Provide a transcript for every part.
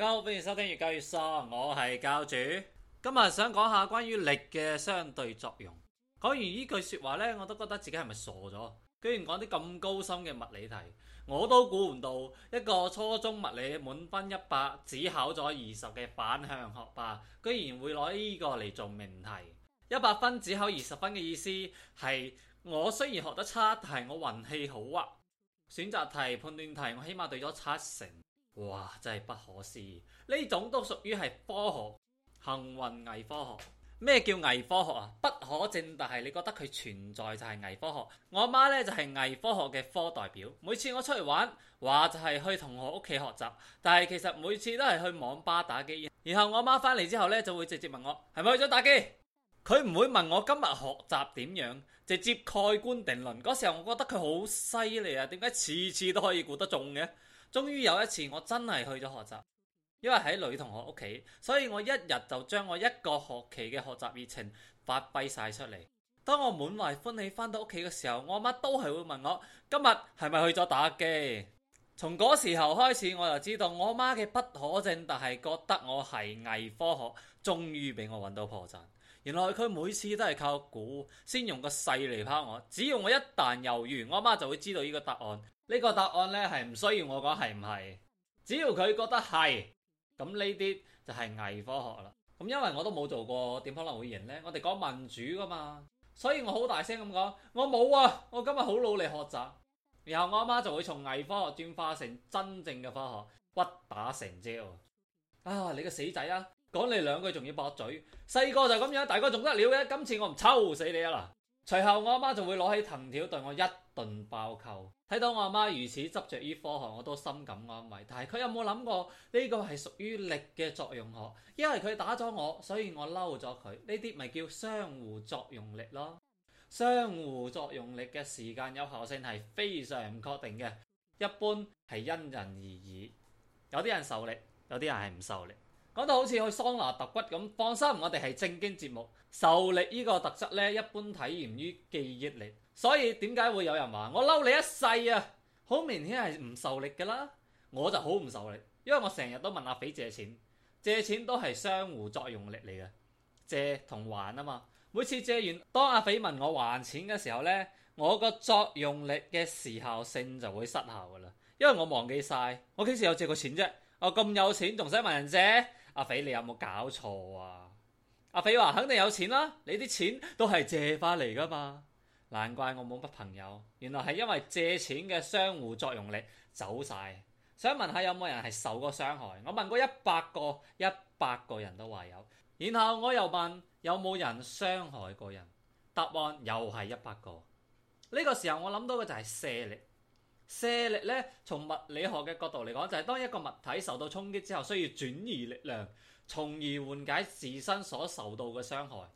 大家好，歡迎收聽越教越疏，我係教主。今日想講下關於力嘅相對作用。講完呢句說話呢，我都覺得自己係咪傻咗？居然講啲咁高深嘅物理題，我都估唔到一個初中物理滿分一百只考咗二十嘅反向學霸，居然會攞呢個嚟做命題。一百分只考二十分嘅意思係，我雖然學得差，但係我運氣好啊。選擇題、判斷題，我起碼對咗七成。哇！真係不可思議，呢種都屬於係科學，幸運偽科學。咩叫偽科學啊？不可證，但係你覺得佢存在就係偽科學。我阿媽呢就係、是、偽科學嘅科代表，每次我出去玩，話就係去同學屋企學習，但係其實每次都係去網吧打機。然後我阿媽翻嚟之後呢，就會直接問我係咪去咗打機，佢唔會問我今日學習點樣，直接蓋棺定論。嗰時候我覺得佢好犀利啊，點解次次都可以估得中嘅？終於有一次我真係去咗學習，因為喺女同學屋企，所以我一日就將我一個學期嘅學習熱情發揮晒出嚟。當我滿懷歡喜翻到屋企嘅時候，我阿媽都係會問我今是是：今日係咪去咗打機？從嗰時候開始，我就知道我媽嘅不可證，但係覺得我係偽科學。終於俾我揾到破綻。原來佢每次都係靠估，先用個勢嚟拋我。只要我一旦猶豫，我阿媽就會知道呢個答案。呢個答案呢係唔需要我講係唔係？只要佢覺得係，咁呢啲就係偽科學啦。咁因為我都冇做過，點可能會贏呢？我哋講民主噶嘛，所以我好大聲咁講，我冇啊！我今日好努力學習，然後我阿媽就會從偽科學轉化成真正嘅科學，屈打成招啊！你個死仔啊！講你兩句仲要駁嘴，細個就咁樣，大哥仲得了嘅，今次我唔抽死你啊嗱！隨後我阿媽就會攞起藤條對我一頓爆扣。睇到我阿媽如此執着於科學，我都深感安慰。但係佢有冇諗過呢個係屬於力嘅作用學？因為佢打咗我，所以我嬲咗佢，呢啲咪叫相互作用力咯？相互作用力嘅時間有效性係非常唔確定嘅，一般係因人而異。有啲人受力，有啲人係唔受力。講到好似去桑拿揼骨咁，放心，我哋係正經節目。受力呢個特質呢，一般體現於記憶力。所以點解會有人話我嬲你一世啊？好明顯係唔受力噶啦。我就好唔受力，因為我成日都問阿肥借錢，借錢都係相互作用力嚟嘅，借同還啊嘛。每次借完，當阿肥問我還錢嘅時候呢，我個作用力嘅時效性就會失效噶啦，因為我忘記晒我幾時有借過錢啫。我咁有錢，仲使問人借？阿肥，你有冇搞錯啊？阿肥話肯定有錢啦、啊，你啲錢都係借翻嚟噶嘛，難怪我冇乜朋友，原來係因為借錢嘅相互作用力走晒。想問下有冇人係受過傷害？我問過一百個，一百個人都話有。然後我又問有冇人傷害過人，答案又係一百個。呢、這個時候我諗到嘅就係卸力。卸力咧，從物理學嘅角度嚟講，就係、是、當一個物體受到衝擊之後，需要轉移力量，從而緩解自身所受到嘅傷害，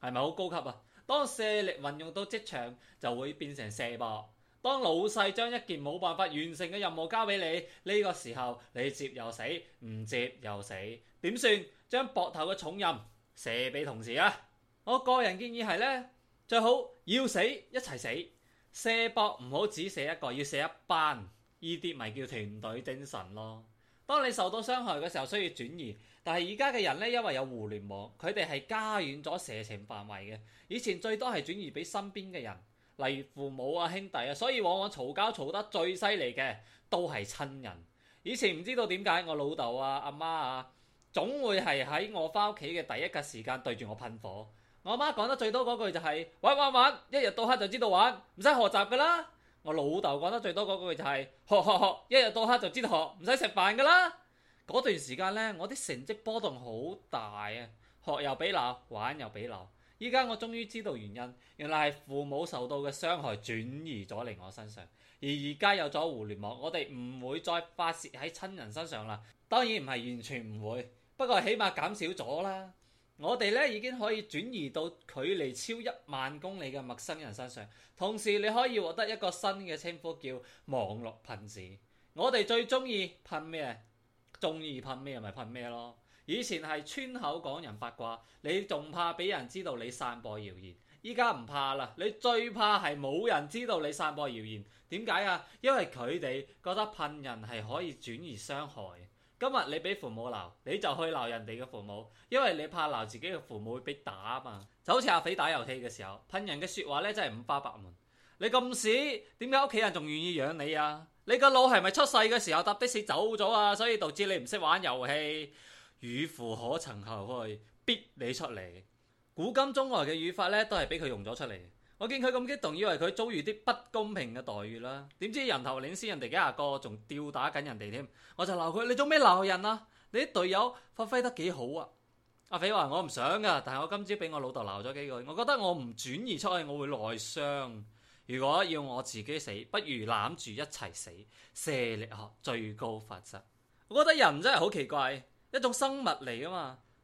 係咪好高級啊？當卸力運用到職場，就會變成卸膊。當老細將一件冇辦法完成嘅任務交俾你，呢、這個時候你接又死，唔接又死，點算？將膊頭嘅重任卸俾同事啊！我個人建議係咧，最好要死一齊死。射博唔好只射一個，要射一班，呢啲咪叫團隊精神咯。當你受到傷害嘅時候，需要轉移，但係而家嘅人呢，因為有互聯網，佢哋係加遠咗射程範圍嘅。以前最多係轉移俾身邊嘅人，例如父母啊、兄弟啊，所以往往嘈交嘈得最犀利嘅都係親人。以前唔知道點解，我老豆啊、阿媽啊，總會係喺我翻屋企嘅第一個時間對住我噴火。我媽講得最多嗰句就係玩玩玩，一日到黑就知道玩，唔使學習噶啦。我老豆講得最多嗰句就係學學學，一日到黑就知道學，唔使食飯噶啦。嗰段時間呢，我啲成績波動好大啊，學又俾鬧，玩又俾鬧。依家我終於知道原因，原來係父母受到嘅傷害轉移咗嚟我身上。而而家有咗互聯網，我哋唔會再發泄喺親人身上啦。當然唔係完全唔會，不過起碼減少咗啦。我哋呢已經可以轉移到距離超一萬公里嘅陌生人身上，同時你可以獲得一個新嘅稱呼叫網絡噴子。我哋最鍾意噴咩？鍾意噴咩咪噴咩囉。以前係村口講人八卦，你仲怕俾人知道你散播謠言？依家唔怕啦，你最怕係冇人知道你散播謠言。點解啊？因為佢哋覺得噴人係可以轉移傷害。今日你俾父母鬧，你就去鬧人哋嘅父母，因為你怕鬧自己嘅父母會俾打啊嘛。就好似阿肥打遊戲嘅時候，噴人嘅說話呢，真係五花八門。你咁屎，點解屋企人仲願意養你啊？你個腦係咪出世嘅時候搭的士走咗啊？所以導致你唔識玩遊戲，語無可曾後去，逼你出嚟。古今中外嘅語法呢，都係俾佢用咗出嚟。我見佢咁激動，以為佢遭遇啲不公平嘅待遇啦。點知人頭領先人哋幾廿個，仲吊打緊人哋添。我就鬧佢：你做咩鬧人啊？你啲隊友發揮得幾好啊？阿肥話：我唔想噶，但係我今朝俾我老豆鬧咗幾句。我覺得我唔轉移出去，我會內傷。如果要我自己死，不如攬住一齊死。射力學最高法則。我覺得人真係好奇怪，一種生物嚟噶嘛。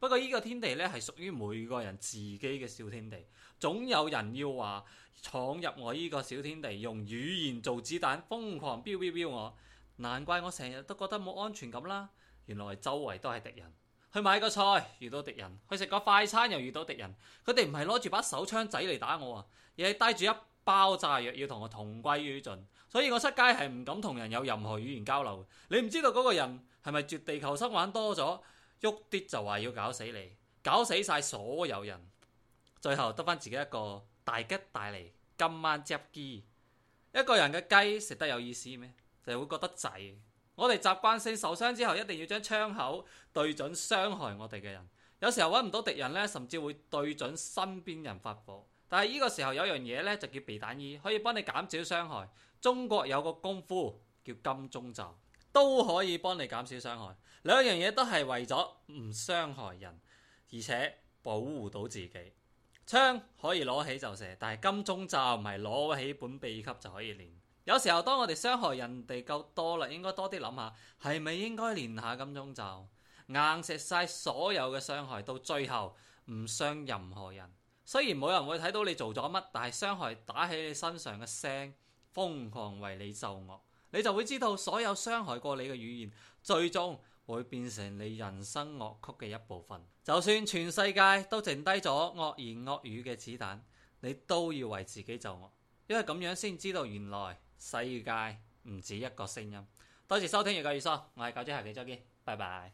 不過依個天地咧係屬於每個人自己嘅小天地，總有人要話闖入我依個小天地，用語言做子彈，瘋狂飆飆飆我，難怪我成日都覺得冇安全感啦。原來周圍都係敵人，去買個菜遇到敵人，去食個快餐又遇到敵人，佢哋唔係攞住把手槍仔嚟打我啊，而係帶住一包炸藥要同我同歸於盡，所以我出街係唔敢同人有任何語言交流。你唔知道嗰個人係咪絕地求生玩多咗？喐啲就話要搞死你，搞死晒所有人，最後得返自己一個大吉大利，今晚執雞。一個人嘅雞食得有意思咩？就會覺得滯。我哋習慣性受傷之後，一定要將槍口對準傷害我哋嘅人。有時候揾唔到敵人呢，甚至會對準身邊人發火。但係呢個時候有樣嘢呢，就叫避彈衣，可以幫你減少傷害。中國有個功夫叫金鐘罩，都可以幫你減少傷害。兩樣嘢都係為咗唔傷害人，而且保護到自己。槍可以攞起就射，但係金鐘罩唔係攞起本秘笈就可以練。有時候當我哋傷害人哋夠多啦，應該多啲諗下，係咪應該練下金鐘罩，硬食晒所有嘅傷害，到最後唔傷任何人。雖然冇人會睇到你做咗乜，但係傷害打喺你身上嘅聲，瘋狂為你奏樂，你就會知道所有傷害過你嘅語言最終會變成你人生樂曲嘅一部分。就算全世界都剩低咗惡言惡語嘅子彈，你都要為自己奏樂，因為咁樣先知道原來世界唔止一個聲音。多謝收聽《日教月說》，我係教主，下期再見，拜拜。